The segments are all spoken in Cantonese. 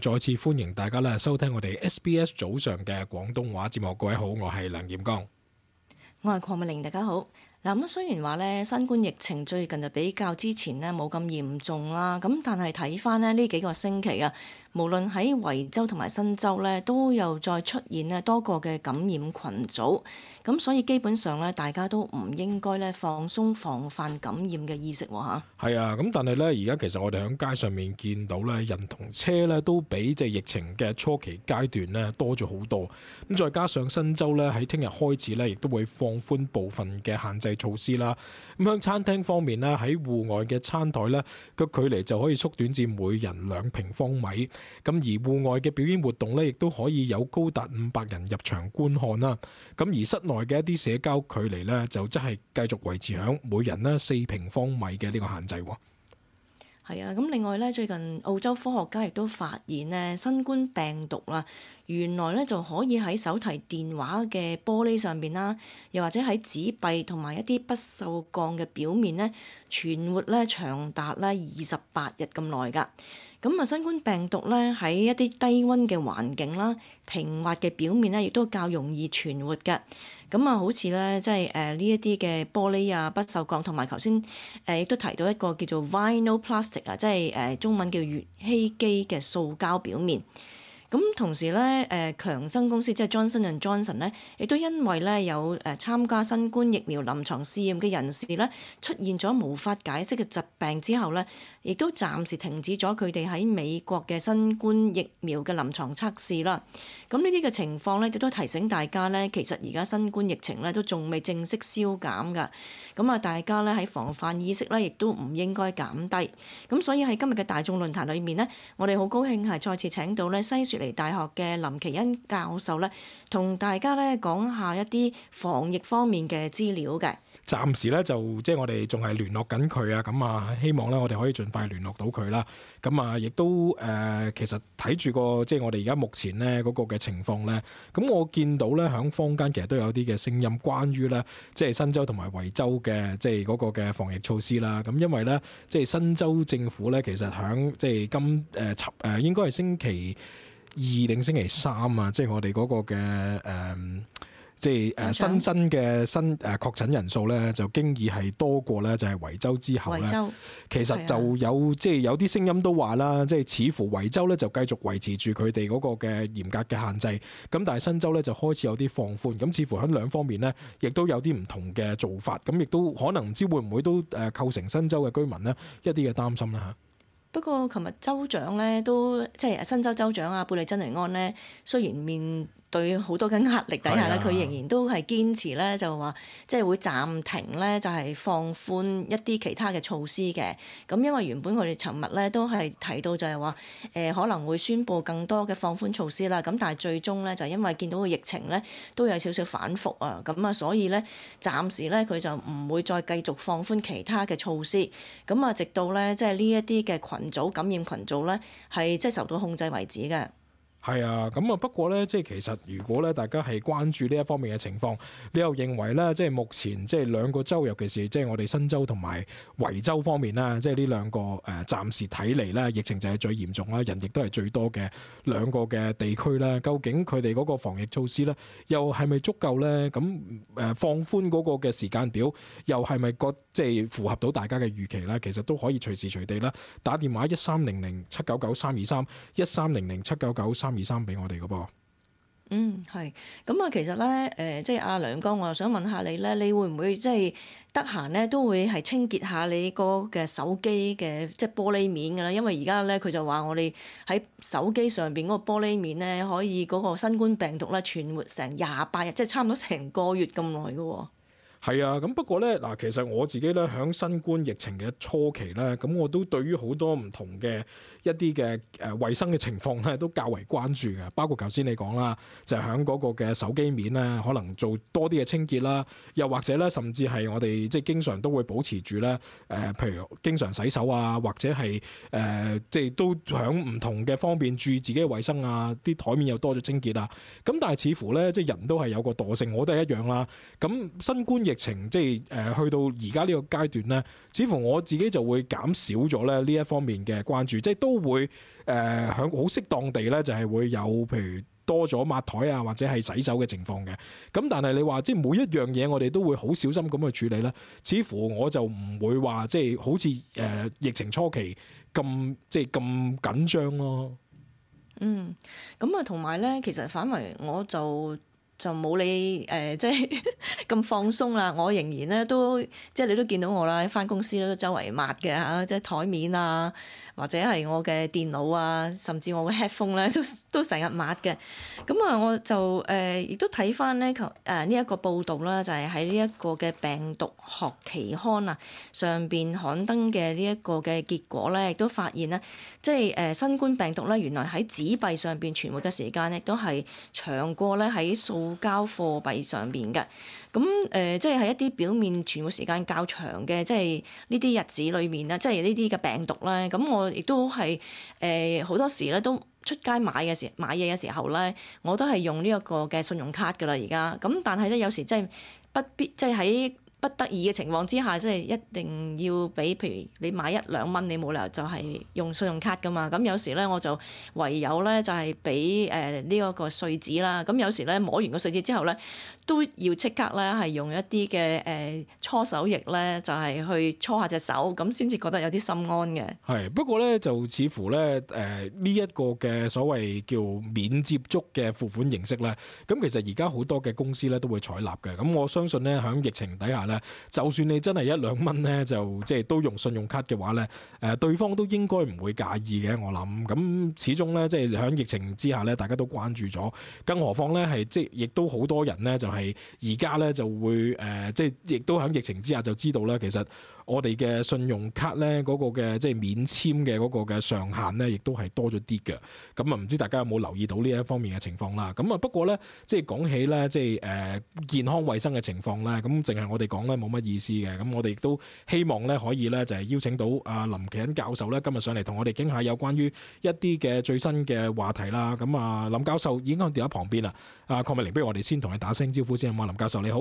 再次歡迎大家咧收聽我哋 SBS 早上嘅廣東話節目。各位好，我係梁艷剛，我係鄺美玲。大家好嗱。咁雖然話咧，新冠疫情最近就比較之前咧冇咁嚴重啦，咁但係睇返咧呢幾個星期啊。無論喺維州同埋新州咧，都有再出現咧多個嘅感染群組，咁所以基本上咧，大家都唔應該咧放鬆防範感染嘅意識喎嚇。係啊，咁但係呢，而家其實我哋喺街上面見到咧，人同車咧都比疫情嘅初期階段呢多咗好多。咁再加上新州咧喺聽日開始咧，亦都會放寬部分嘅限制措施啦。咁喺餐廳方面呢，喺戶外嘅餐台呢，個距離就可以縮短至每人兩平方米。咁而戶外嘅表演活動咧，亦都可以有高達五百人入場觀看啦。咁而室內嘅一啲社交距離咧，就即係繼續維持喺每人咧四平方米嘅呢個限制。係啊，咁另外咧，最近澳洲科學家亦都發現咧，新冠病毒啦，原來咧就可以喺手提電話嘅玻璃上邊啦，又或者喺紙幣同埋一啲不鏽鋼嘅表面咧存活咧長達咧二十八日咁耐㗎。咁啊，新冠病毒咧喺一啲低溫嘅環境啦、平滑嘅表面咧，亦都較容易存活㗎。咁啊，好似咧，即係誒呢一啲嘅玻璃啊、不銹鋼同埋頭先誒亦都提到一個叫做 vinyl plastic 啊，即係誒中文叫乙烯基嘅塑膠表面。咁同時咧，誒強生公司即係 Johnson and Johnson 咧，亦都因為咧有誒參加新冠疫苗臨床試驗嘅人士咧出現咗無法解釋嘅疾病之後咧，亦都暫時停止咗佢哋喺美國嘅新冠疫苗嘅臨床測試啦。咁呢啲嘅情況咧，亦都提醒大家咧，其實而家新冠疫情咧都仲未正式消減噶。咁啊，大家咧喺防範意識咧，亦都唔應該減低。咁所以喺今日嘅大眾論壇裏面咧，我哋好高興係再次請到咧西雪嚟大學嘅林奇恩教授咧，同大家咧講下一啲防疫方面嘅資料嘅。暫時咧就即係、就是、我哋仲係聯絡緊佢啊，咁啊希望咧我哋可以盡快聯絡到佢啦。咁啊，亦都誒其實睇住個即係我哋而家目前呢嗰個嘅情況咧，咁我見到咧喺坊間其實都有啲嘅聲音，關於咧即係新州同埋維州嘅即係嗰個嘅防疫措施啦。咁因為咧即係新州政府咧，其實響即係今誒誒、呃、應該係星期二定星期三啊，即係我哋嗰個嘅誒、呃，即係誒新增嘅新誒確診人數咧，就經已係多過咧，就係維州之後咧。維州，其實就有即係、就是、有啲聲音都話啦，即係似乎維州咧就繼續維持住佢哋嗰個嘅嚴格嘅限制，咁但係新州咧就開始有啲放寬，咁似乎喺兩方面呢，亦都有啲唔同嘅做法，咁亦都可能唔知會唔會都誒構成新州嘅居民呢，一啲嘅擔心啦嚇。不過，琴日州長咧都即係新州州長啊，貝莉真尼安咧，雖然面對好多嘅壓力底下咧，佢的仍然都係堅持咧，就話即係會暫停咧，就係、是、放寬一啲其他嘅措施嘅。咁因為原本佢哋尋日咧都係提到就係話誒可能會宣布更多嘅放寬措施啦。咁但係最終咧就是、因為見到個疫情咧都有少少反覆啊，咁啊所以咧暫時咧佢就唔會再繼續放寬其他嘅措施。咁啊直到咧即係呢一啲嘅群組感染群組咧係即係受到控制為止嘅。係啊，咁啊不過呢，即係其實如果咧，大家係關注呢一方面嘅情況，你又認為呢，即係目前即係兩個州，尤其是即係我哋新州同埋維州方面啦，即係呢兩個誒、呃，暫時睇嚟呢，疫情就係最嚴重啦，人亦都係最多嘅兩個嘅地區啦。究竟佢哋嗰個防疫措施呢，又係咪足夠呢？咁誒放寬嗰個嘅時間表，又係咪個即係符合到大家嘅預期呢？其實都可以隨時隨地啦，打電話一三零零七九九三二三一三零零七九九三二三俾我哋噶噃。嗯，係，咁啊其實咧，誒、呃、即係阿梁哥，我又想問下你咧，你會唔會即係得閒咧都會係清潔下你個嘅手機嘅即係玻璃面噶啦？因為而家咧佢就話我哋喺手機上邊嗰個玻璃面咧，可以嗰個新冠病毒咧存活成廿八日，即係差唔多成個月咁耐噶喎。係啊，咁不過呢，嗱其實我自己呢，喺新冠疫情嘅初期呢，咁我都對於好多唔同嘅一啲嘅誒衞生嘅情況呢，都較為關注嘅。包括頭先你講啦，就係喺嗰個嘅手機面呢，可能做多啲嘅清潔啦，又或者呢，甚至係我哋即係經常都會保持住呢，誒譬如經常洗手啊，或者係誒即係都喺唔同嘅方面注意自己嘅衞生啊，啲台面又多咗清潔啊。咁但係似乎呢，即係人都係有個惰性，我都係一樣啦。咁新冠疫情即係誒、呃，去到而家呢個階段咧，似乎我自己就會減少咗咧呢一方面嘅關注，即係都會誒響好適當地咧，就係會有譬如多咗抹台啊，或者係洗手嘅情況嘅。咁但係你話即係每一樣嘢，我哋都會好小心咁去處理啦。似乎我就唔會話即係好似誒、呃、疫情初期咁即係咁緊張咯。嗯，咁啊，同埋咧，其實反為我就。就冇你誒即係咁放鬆啦！我仍然咧都，即係你都見到我啦，返公司咧周圍抹嘅吓，即係台面啊，或者係我嘅電腦啊，甚至我嘅 headphone 咧都都成日抹嘅。咁啊，我就誒亦、呃、都睇翻咧，誒呢一個報道啦，就係喺呢一個嘅病毒學期刊啊上邊刊登嘅呢一個嘅結果咧，亦都發現咧，即係誒、呃、新冠病毒咧，原來喺紙幣上邊存活嘅時間亦都係長過咧喺數。冇交貨幣上邊嘅，咁誒即係係一啲表面存活時間較長嘅，即係呢啲日子裏面咧，即係呢啲嘅病毒咧。咁我亦都係誒好多時咧都出街買嘅時買嘢嘅時候咧，我都係用呢一個嘅信用卡㗎喇而家。咁但係咧有時真係不必，即係喺。不得已嘅情況之下，即係一定要俾，譬如你買一兩蚊，你冇理由就係用信用卡噶嘛。咁有時咧，我就唯有咧就係俾誒呢一個碎紙啦。咁有時咧，摸完個碎紙之後咧，都要即刻咧，係用一啲嘅誒搓手液咧，就係去搓下隻手，咁先至覺得有啲心安嘅。係不過咧，就似乎咧誒呢一個嘅所謂叫免接觸嘅付款形式咧，咁其實而家好多嘅公司咧都會採納嘅。咁我相信咧，響疫情底下咧，就算你真係一兩蚊咧，就即係都用信用卡嘅話咧，誒對方都應該唔會介意嘅。我諗咁始終咧，即係響疫情之下咧，大家都關注咗，更何況咧係即係亦都好多人咧就係。係而家咧就會誒、呃，即係亦都喺疫情之下就知道啦，其實。我哋嘅信用卡咧，嗰個嘅即係免簽嘅嗰個嘅上限咧，亦都係多咗啲嘅。咁啊，唔知大家有冇留意到呢一方面嘅情況啦？咁啊，不過咧，即係講起咧，即係誒、呃、健康衞生嘅情況咧，咁淨係我哋講咧冇乜意思嘅。咁我哋亦都希望咧可以咧就係邀請到啊林奇恩教授咧今日上嚟同我哋傾下有關於一啲嘅最新嘅話題啦。咁啊，林教授已經喺電話旁邊啦。啊、呃，鄺美玲，不如我哋先同佢打聲招呼先。哇，林教授你好。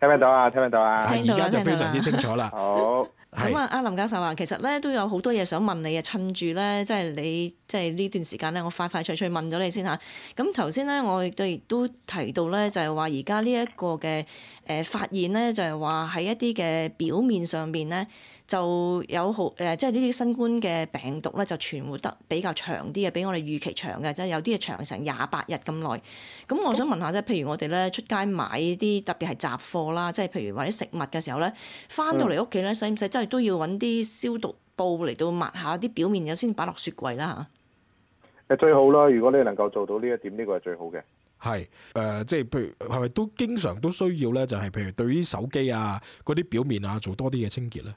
聽唔聽到啊？聽唔聽到啊？而家就非常之清楚啦。 好，咁啊是，阿林教授啊，其實咧都有好多嘢想問你啊，趁住咧即係你即係呢段時間咧，我快快脆脆問咗你先吓。咁頭先咧，我亦都提到咧，就係話而家呢一個嘅誒發現咧，就係話喺一啲嘅表面上邊咧。就有好誒、呃，即係呢啲新冠嘅病毒咧，就存活得比較長啲嘅，比我哋預期長嘅，即係有啲嘢長成廿八日咁耐。咁我想問下即咧，譬如我哋咧出街買啲特別係雜貨啦，即係譬如或者食物嘅時候咧，翻到嚟屋企咧，使唔使即係都要揾啲消毒布嚟到抹下啲表面有先擺落雪櫃啦？誒，最好啦！如果你能夠做到呢一點，呢、呢個係最好嘅。係誒、呃，即係譬如係咪都經常都需要咧？就係、係、譬如對於手機啊嗰啲表面啊，做多啲嘅清潔咧。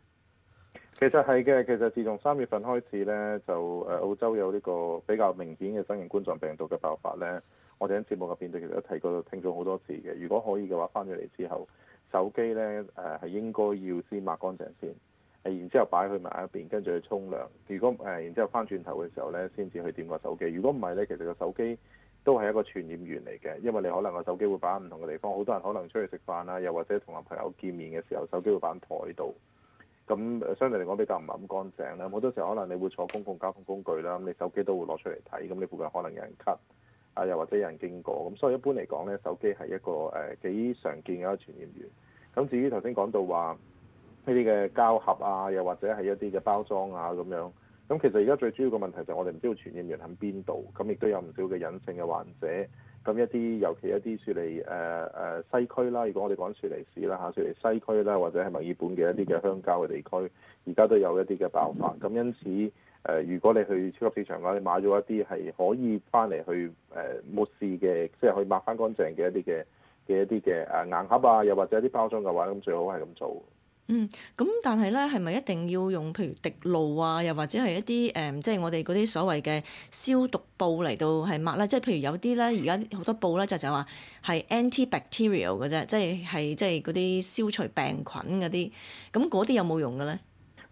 其實係嘅，其實自從三月份開始咧，就誒、呃、澳洲有呢個比較明顯嘅新型冠狀病毒嘅爆發咧，我哋喺節目入邊就其實都提過聽咗好多次嘅。如果可以嘅話，翻咗嚟之後，手機咧誒係應該要先抹乾淨先，誒然之後擺去埋一邊，跟住去沖涼。如果誒、呃、然之後翻轉頭嘅時候咧，先至去掂個手機。如果唔係咧，其實個手機都係一個傳染源嚟嘅，因為你可能個手機會擺喺唔同嘅地方，好多人可能出去食飯啦，又或者同男朋友見面嘅時候，手機會擺喺台度。咁相對嚟講比較唔係咁乾淨啦，好多時候可能你會坐公共交通工具啦，咁你手機都會攞出嚟睇，咁你附近可能有人咳，啊又或者有人經過，咁所以一般嚟講咧，手機係一個誒幾常見嘅一個傳染源。咁至於頭先講到話呢啲嘅膠盒啊，又或者係一啲嘅包裝啊咁樣，咁其實而家最主要嘅問題就係我哋唔知道傳染源喺邊度，咁亦都有唔少嘅隱性嘅患者。咁一啲，尤其一啲雪梨誒誒、呃、西區啦，如果我哋講雪梨市啦嚇、啊，雪梨西區啦，或者係墨爾本嘅一啲嘅鄉郊嘅地區，而家都有一啲嘅爆發。咁因此誒、呃，如果你去超級市場嘅話，你買咗一啲係可以翻嚟去誒、呃、抹拭嘅，即係可以抹翻乾淨嘅一啲嘅嘅一啲嘅誒硬盒啊，又或者一啲包裝嘅話，咁最好係咁做。嗯，咁但係咧，係咪一定要用譬如滴露啊，又或者係一啲誒、嗯，即係我哋嗰啲所謂嘅消毒布嚟到係抹咧？即係譬如有啲咧，而家好多布咧就就係、話係 antibacterial 嘅啫，即係係即係嗰啲消除病菌嗰啲，咁嗰啲有冇用嘅咧？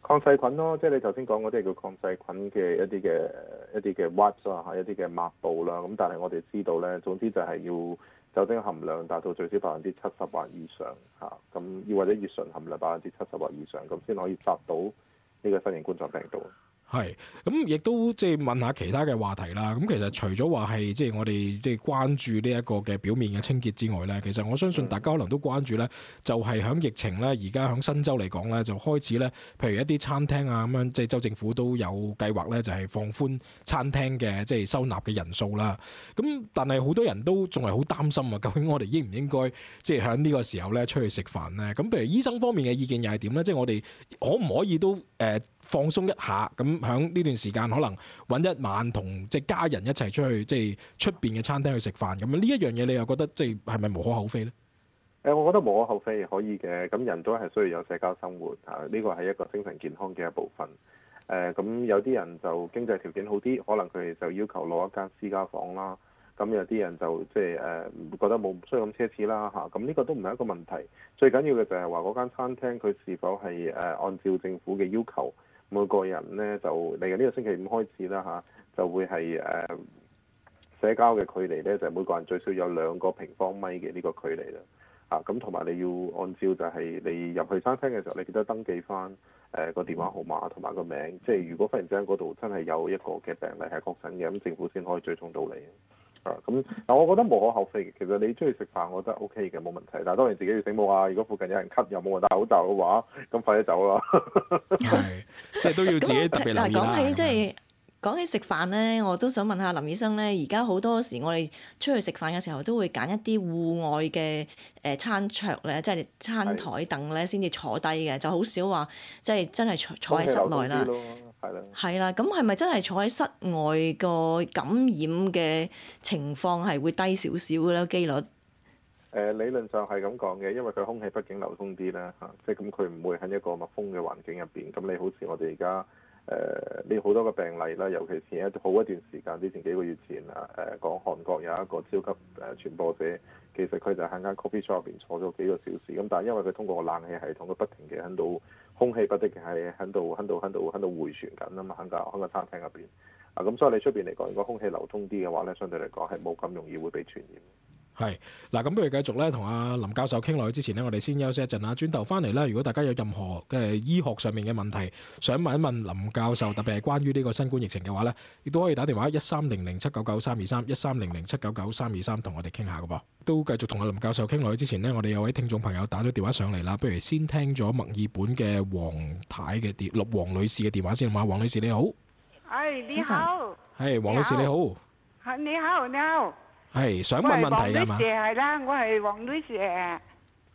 抗細菌咯、啊，即係你頭先講嗰啲叫抗細菌嘅一啲嘅一啲嘅 wipes 啦嚇，一啲嘅抹布啦。咁但係我哋知道咧，總之就係要。酒精含量達到最少百分之七十或以上，吓，咁要或者乙醇含量百分之七十或以上，咁先可以達到呢個新型冠狀病毒。係，咁亦都即係問下其他嘅話題啦。咁其實除咗話係即係我哋即係關注呢一個嘅表面嘅清潔之外呢，其實我相信大家可能都關注呢，就係喺疫情呢。而家喺新州嚟講呢，就開始呢，譬如一啲餐廳啊咁樣，即係州政府都有計劃呢，就係放寬餐廳嘅即係收納嘅人數啦。咁但係好多人都仲係好擔心啊！究竟我哋應唔應該即係喺呢個時候呢出去食飯呢？咁譬如醫生方面嘅意見又係點呢？即係我哋可唔可以都誒？呃放鬆一下，咁喺呢段時間可能揾一晚同即係家人一齊出去，即係出邊嘅餐廳去食飯。咁呢一樣嘢，你又覺得即係係咪無可厚非呢？誒、呃，我覺得無可厚非，可以嘅。咁人都係需要有社交生活嚇，呢個係一個精神健康嘅一部分。誒、呃，咁有啲人就經濟條件好啲，可能佢哋就要求攞一間私家房啦。咁有啲人就即係誒覺得冇需要咁奢侈啦嚇。咁、啊、呢個都唔係一個問題。最緊要嘅就係話嗰間餐廳佢是否係誒按照政府嘅要求。每個人咧就嚟緊呢個星期五開始啦嚇、啊，就會係誒、呃、社交嘅距離咧，就係、每個人最少有兩個平方米嘅呢個距離啦。啊，咁同埋你要按照就係、係、你入去餐廳嘅時候，你記得登記翻誒個電話號碼同埋個名。即、就、係、係、如果忽然之間嗰度真係有一個嘅病例係確診嘅，咁政府先可以追蹤到你。啊，咁嗱、 嗯，我覺得無可厚非。其實你出去食飯，我覺得 O K 嘅，冇問題。但係當然自己要醒目啊。如果附近有人咳，又冇戴口罩嘅話，咁快啲走啦。係， 即係都要自己特別留意啦。嗱，講 起即係講起食飯咧，我都想問下林醫生咧。而家好多時我哋出去食飯嘅時候，都會揀一啲戶外嘅誒餐桌咧，即係餐台凳咧先至坐低嘅，是 就好少話即係真係坐喺室內啦。係啦，係啦，咁係咪真係坐喺室外個感染嘅情況係會低少少嘅？咧機率？誒理論上係咁講嘅，因為佢空氣畢竟流通啲啦，嚇，即係咁佢唔會喺一個密封嘅環境入邊。咁你好似我哋而家誒啲好多個病例啦，尤其係一好一段時間之前幾個月前啊，誒、呃、講韓國有一個超級誒傳播者，其實佢就喺間 coffee shop 入邊坐咗幾個小時，咁但係因為佢通過個冷氣系統，佢不停嘅喺度。空氣不斷嘅喺度，喺度，喺度，喺度迴旋緊啊嘛，喺個喺個餐廳入邊啊，咁、嗯、所以你出邊嚟講，如果空氣流通啲嘅話咧，相對嚟講係冇咁容易會被傳染。係嗱，咁不如繼續咧同阿林教授傾落去之前咧，我哋先休息一陣啦。轉頭翻嚟啦，如果大家有任何嘅醫學上面嘅問題，想問一問林教授，特別係關於呢個新冠疫情嘅話咧，亦都可以打電話一三零零七九九三二三一三零零七九九三二三同我哋傾下嘅噃。都繼續同阿林教授傾落去之前咧，我哋有位聽眾朋友打咗電話上嚟啦，不如先聽咗墨爾本嘅黃太嘅電，黃女士嘅電話先。嘛，黃女士你好，你好，係黃女士你好，你好你好。係想問問題係嘛？黃女士係啦，我係黃女士。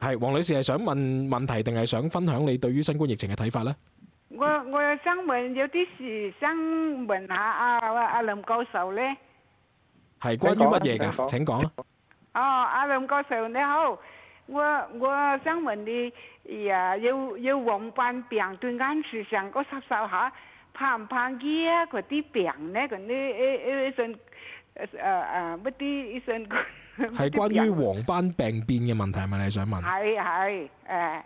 係黃女士，係想問問題定係想分享你對於新冠疫情嘅睇法咧？我我想問，有啲事想問下阿阿林教授咧。係關於乜嘢噶？請講啦。哦，阿林教授你好，我我想問你呀，要要黃斑病對眼視像嗰殺手吓，怕唔怕醫呀？嗰啲病咧，嗰啲誒誒一。誒誒乜啲相關嘅病人，係關於黃斑病變嘅問題，係咪你想問？係，係，誒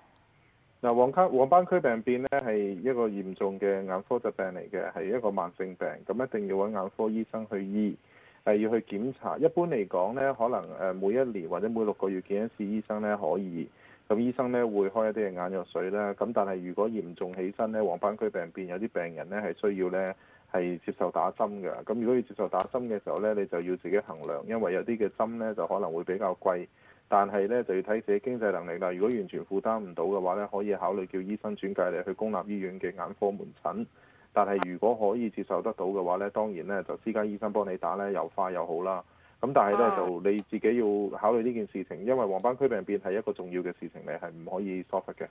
嗱，黃卡黃斑區病變咧，係一個嚴重嘅眼科疾病嚟嘅，係一個慢性病，咁一定要揾眼科醫生去醫，係要去檢查。一般嚟講咧，可能誒每一年或者每六個月見一次醫生咧，可以咁醫生咧，會開一啲嘅眼藥水啦。咁但係如果嚴重起身咧，黃斑區病變有啲病人咧，係需要咧。係接受打針嘅，咁如果要接受打針嘅時候呢，你就要自己衡量，因為有啲嘅針呢，就可能會比較貴，但係呢，就要睇自己經濟能力啦。如果完全負擔唔到嘅話呢，可以考慮叫醫生轉介你去公立醫院嘅眼科門診。但係如果可以接受得到嘅話呢，當然呢，就私家醫生幫你打呢，又快又好啦。咁但係呢，就你自己要考慮呢件事情，因為黃斑區病變係一個重要嘅事情嚟，係唔可以疏忽嘅。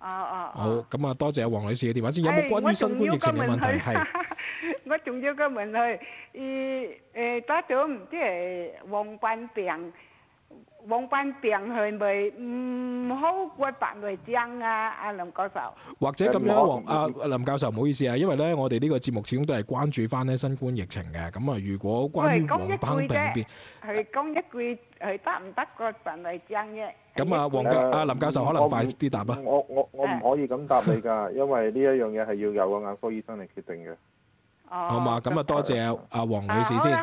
哦、啊啊、哦，好、嗯，咁啊多謝啊黃女士嘅電話先，欸、有冇關於新冠疫情嘅問題？係，我仲有個問題，誒誒，咗唔知，係、呃、皇冠病。王斑病係咪唔好過白內障啊，阿林教授？或者咁樣，黃阿林教授唔好意思啊，因為咧我哋呢個節目始終都係關注翻咧新冠疫情嘅。咁啊，如果關於黃斑病變，佢講一句佢得唔得過白內障啫？咁啊，黃教阿林教授可能快啲答啦。我我我唔可以咁答你噶，因為呢一樣嘢係要有個眼科醫生嚟決定嘅。好嘛？咁啊，多謝阿阿黃女士先。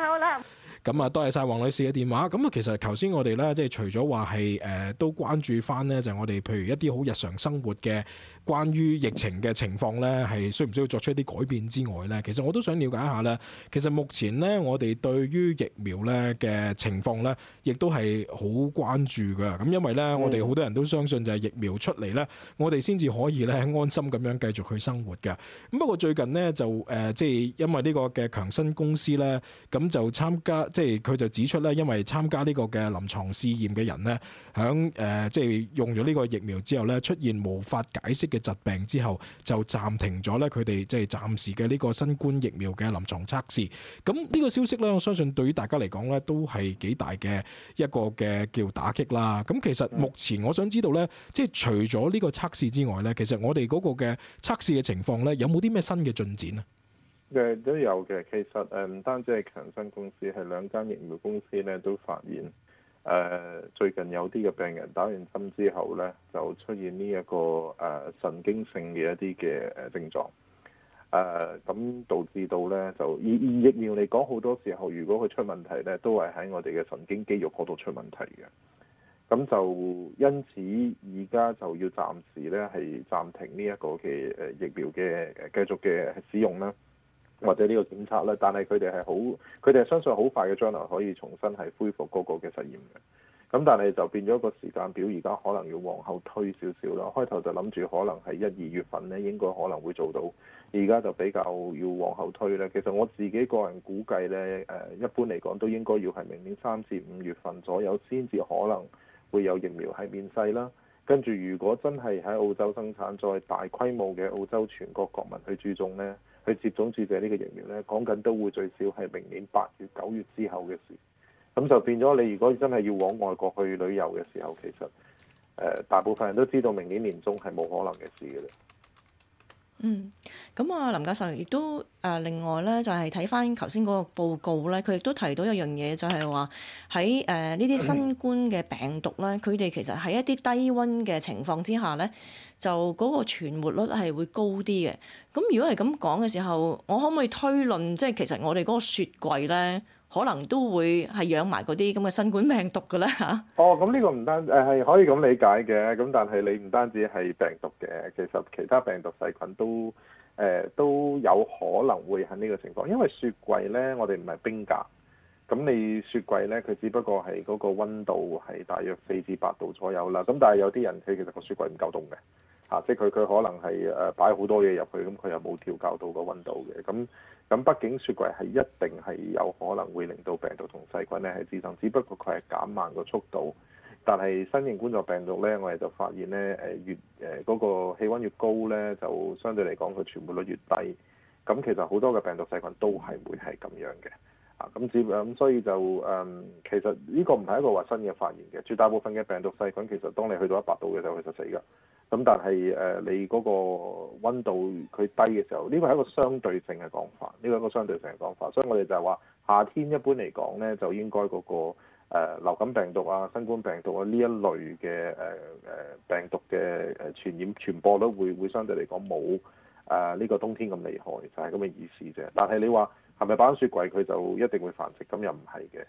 咁啊，多謝晒黃女士嘅電話。咁啊，其實頭先我哋咧，即係除咗話係誒都關注返咧，就我哋譬如一啲好日常生活嘅關於疫情嘅情況咧，係需唔需要作出一啲改變之外呢，其實我都想了解一下咧。其實目前呢，我哋對於疫苗咧嘅情況呢，亦都係好關注㗎。咁因為呢，我哋好多人都相信就係疫苗出嚟呢，嗯、我哋先至可以咧安心咁樣繼續去生活嘅。咁不過最近呢，就、呃、誒，即係因為呢個嘅強生公司呢，咁就參加。即係佢就指出咧，因為參加呢個嘅臨床試驗嘅人咧，響誒、呃、即係用咗呢個疫苗之後咧，出現無法解釋嘅疾病之後，就暫停咗咧佢哋即係暫時嘅呢個新冠疫苗嘅臨床測試。咁呢個消息咧，我相信對於大家嚟講咧，都係幾大嘅一個嘅叫打擊啦。咁其實目前我想知道咧，即係除咗呢個測試之外咧，其實我哋嗰個嘅測試嘅情況咧，有冇啲咩新嘅進展啊？誒都有嘅，其實誒唔單止係強生公司，係兩間疫苗公司咧都發現誒、呃、最近有啲嘅病人打完針之後咧就出現呢、這、一個誒、呃、神經性嘅一啲嘅誒症狀誒，咁、呃、導致到咧就以，以疫苗嚟講，好多時候如果佢出問題咧，都係喺我哋嘅神經肌肉嗰度出問題嘅。咁就因此而家就要暫時咧係暫停呢一個嘅誒疫苗嘅誒繼續嘅使用啦。或者呢個檢測咧，但係佢哋係好，佢哋係相信好快嘅將來可以重新係恢復嗰個嘅實驗嘅。咁但係就變咗個時間表，而家可能要往後推少少啦。開頭就諗住可能係一二月份咧，應該可能會做到，而家就比較要往後推咧。其實我自己個人估計咧，誒一般嚟講都應該要係明年三至五月份左右先至可能會有疫苗係面世啦。跟住，如果真係喺澳洲生產，再大規模嘅澳洲全國國民去注重咧，去接種注射呢個疫苗咧，講緊都會最少係明年八月、九月之後嘅事。咁就變咗，你如果真係要往外國去旅遊嘅時候，其實誒大部分人都知道，明年年中係冇可能嘅事嘅。嗯，咁啊林教授亦都誒，另外咧，就係睇翻頭先嗰個報告咧，佢亦都提到一樣嘢，就係話喺誒呢啲新冠嘅病毒咧，佢哋、嗯、其實喺一啲低溫嘅情況之下咧，就嗰個存活率係會高啲嘅。咁如果係咁講嘅時候，我可唔可以推論即係其實我哋嗰個雪櫃咧？可能都會係養埋嗰啲咁嘅新冠病毒㗎啦。嚇。哦，咁呢個唔單誒係可以咁理解嘅，咁但係你唔單止係病毒嘅，其實其他病毒細菌都誒都有可能會喺呢個情況，因為雪櫃咧，我哋唔係冰格，咁你雪櫃咧，佢只不過係嗰個温度係大約四至八度左右啦，咁但係有啲人佢其實個雪櫃唔夠凍嘅。啊！即係佢，佢可能係誒擺好多嘢入去，咁佢又冇調校到個温度嘅。咁咁，畢竟雪櫃係一定係有可能會令到病毒同細菌咧係滋生，只不過佢係減慢個速度。但係新型冠狀病毒咧，我哋就發現咧誒越誒嗰個氣温越高咧，就相對嚟講佢傳播率越低。咁其實好多嘅病毒細菌都係會係咁樣嘅啊！咁只咁，所以就誒、嗯、其實呢個唔係一個話新嘅發現嘅，絕大部分嘅病毒細菌其實當你去到一百度嘅時候，佢就死㗎。咁但係誒，你嗰個温度佢低嘅時候，呢個係一個相對性嘅講法，呢個係一個相對性嘅講法，所以我哋就係話夏天一般嚟講咧，就應該嗰個誒流感病毒啊、新冠病毒啊呢一類嘅誒誒病毒嘅誒傳染傳播率會會相對嚟講冇誒呢個冬天咁厲害，就係咁嘅意思啫。但係你話係咪擺喺雪櫃佢就一定會繁殖？咁又唔係嘅。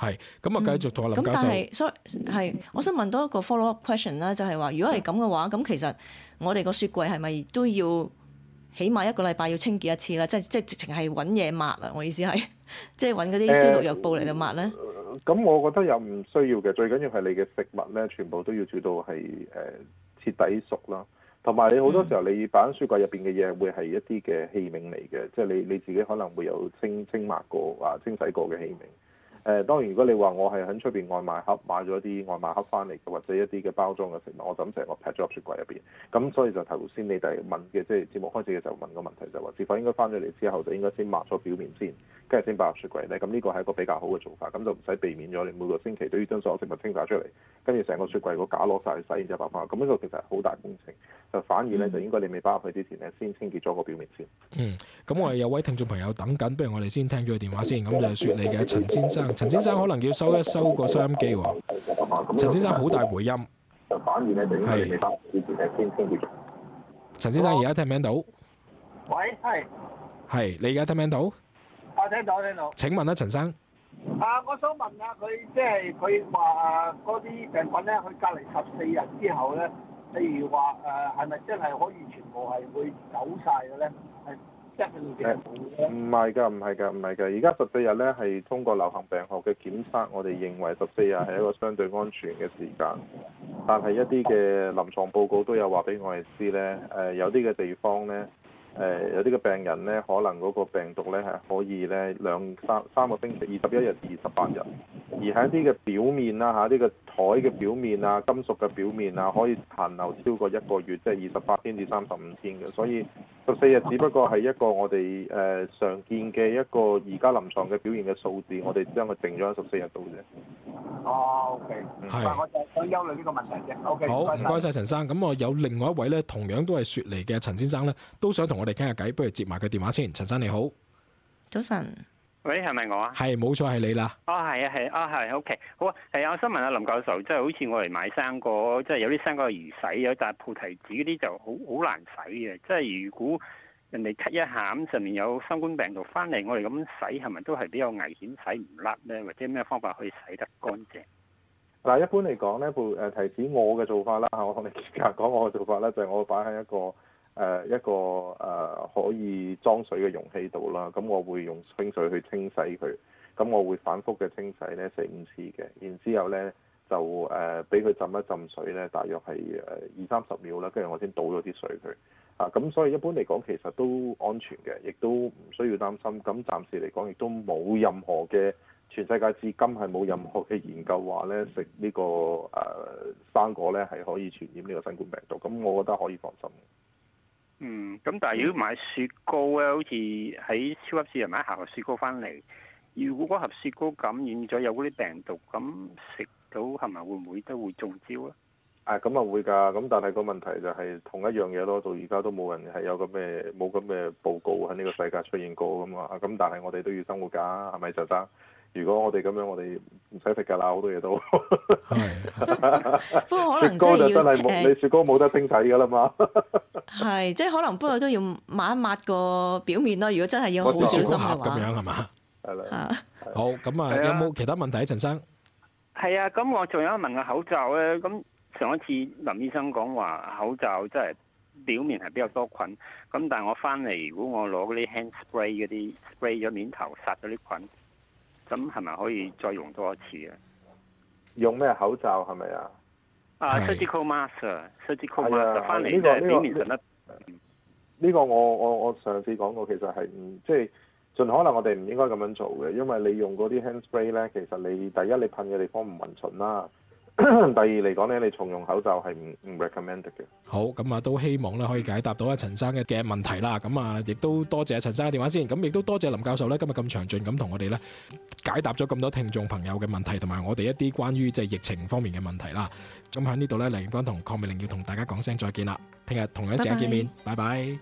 係，咁啊，繼續同阿林教授、嗯。咁但係，所以係，我想問多一個 follow up question 啦，就係話，如果係咁嘅話，咁其實我哋個雪櫃係咪都要起碼一個禮拜要清潔一次咧？即係即係直情係揾嘢抹啊！我意思係，即係揾嗰啲消毒藥布嚟到抹咧。咁、 嗯、我覺得又唔需要嘅，最緊要係你嘅食物咧，全部都要做到係誒、呃、徹底熟啦。同埋你好多時候你，就是、你擺喺雪櫃入邊嘅嘢會係一啲嘅器皿嚟嘅，即係你你自己可能會有清清抹過啊、清洗過嘅器皿。誒當然，如果你話我係喺出邊外賣盒買咗一啲外賣盒翻嚟或者一啲嘅包裝嘅食物，我就成個劈咗入雪櫃入邊。咁所以就頭先你第問嘅，即係節目開始嘅時候問個問題就話，是否應該翻咗嚟之後就應該先抹咗表面先，跟住先擺入雪櫃咧？咁呢個係一個比較好嘅做法，咁就唔使避免咗你每個星期都要將所有食物清曬出嚟，跟住成個雪櫃個架攞晒去洗，然之後擺翻落。咁呢個其實好大工程，就反而咧就應該你未擺入去之前咧，先清潔咗個表面先。嗯，咁我哋有位聽眾朋友等緊，不如我哋先聽咗個電話先，咁就雪梨嘅陳先生。陳先生可能要收一收個收音機喎。陳先生好大回音。就反而你哋你翻，你哋先先接。陳先生而家聽唔聽到？喂，係。係，你而家聽唔聽到？我聽到，聽到。請問咧，陳生？啊，我想問下佢，即係佢話嗰啲病菌咧，佢隔離十四日之後咧，譬如話誒，係咪真係可以全部係會走晒嘅咧？係。唔係㗎，唔係㗎，唔係㗎。而家十四日咧係通過流行病學嘅檢測，我哋認為十四日係一個相對安全嘅時間。但係一啲嘅臨床報告都有話俾我哋知咧，誒有啲嘅地方咧，誒有啲嘅病人咧，可能嗰個病毒咧係可以咧兩三三個星期，二十一日、二十八日。而喺一啲嘅表面啦，吓呢個台嘅表面啊，金屬嘅表面啊，可以殘留超過一個月，即係二十八天至三十五天嘅，所以十四日只不過係一個我哋誒常見嘅一個而家臨床嘅表現嘅數字，我哋將佢定咗十四日度啫。哦，OK，係，我就想憂慮呢個問題啫。OK，、嗯、是好，唔該晒。陳生。咁我有另外一位咧，同樣都係雪梨嘅陳先生咧，都想同我哋傾下偈，不如接埋個電話先。陳生你好，早晨。喂，係咪我、哦、啊？係，冇錯係你啦。哦，係啊，係啊，係，OK，好啊。係、啊，我想問下、啊、林教授，即、就、係、是、好似我嚟買生果，即、就、係、是、有啲生果魚洗有大菩提子嗰啲就好好難洗嘅。即、就、係、是、如果人哋咳一下咁，上面有新冠病毒翻嚟，我哋咁洗係咪都係比較危險？洗唔甩咧，或者咩方法可以洗得乾淨？嗱，一般嚟講咧，菩提誒提子，我嘅做法啦，我同你而家講我嘅做法咧，就係、是、我會擺喺一個。誒一個誒可以裝水嘅容器度啦，咁我會用清水去清洗佢，咁我會反覆嘅清洗咧四五次嘅，然之後咧就誒俾佢浸一浸水咧，大約係誒二三十秒啦，跟住我先倒咗啲水佢啊，咁所以一般嚟講其實都安全嘅，亦都唔需要擔心。咁暫時嚟講亦都冇任何嘅全世界至今係冇任何嘅研究話咧食呢個誒生果咧係可以傳染呢個新冠病毒。咁我覺得可以放心。嗯，咁但係如果買雪糕咧，嗯、好似喺超級市場又買盒雪糕翻嚟，如果嗰盒雪糕感染咗有嗰啲病毒，咁食、嗯、到係咪會唔會都會中招啊？啊，咁啊會㗎，咁但係個問題就係同一樣嘢咯，到而家都冇人係有個咩冇咁嘅報告喺呢個世界出現過㗎嘛。咁但係我哋都要生活㗎，係咪就得？如果我哋咁樣，我哋唔使食㗎啦，好多嘢都。係。 雪糕就真係冇，你雪糕冇得清洗㗎啦嘛。係， 即係可能，不過都要抹一抹個表面咯。如果真係要好小心咁 樣係嘛？係啦。 好，咁啊，啊有冇其他問題啊，陳生？係啊，咁我仲有一問嘅口罩咧。咁上一次林醫生講話口罩真係表面係比較多菌。咁但係我翻嚟，如果我攞嗰啲 hand spray 嗰啲 spray 咗面頭，殺咗啲菌。咁係咪可以再用多一次嘅？用咩口罩係咪啊？啊，surgical mask，surgical mask，翻嚟嘅免滅菌啦。Uh, 哎、呀呢、這個、呢個我我我上次講過，其實係唔、嗯、即係盡可能，我哋唔應該咁樣做嘅，因為你用嗰啲 hand spray 咧，其實你第一你噴嘅地方唔勻循啦。第二嚟講呢，你重用口罩係唔唔 recommend 嘅。好，咁啊都希望呢可以解答到阿陳生嘅嘅問題啦。咁啊，亦都多謝陳生嘅電話先。咁亦都多謝林教授呢，今日咁詳盡咁同我哋呢解答咗咁多聽眾朋友嘅問題，同埋我哋一啲關於即係疫情方面嘅問題啦。咁喺呢度呢，黎永光同鄺美玲要同大家講聲再見啦。聽日同一時間見面，拜拜。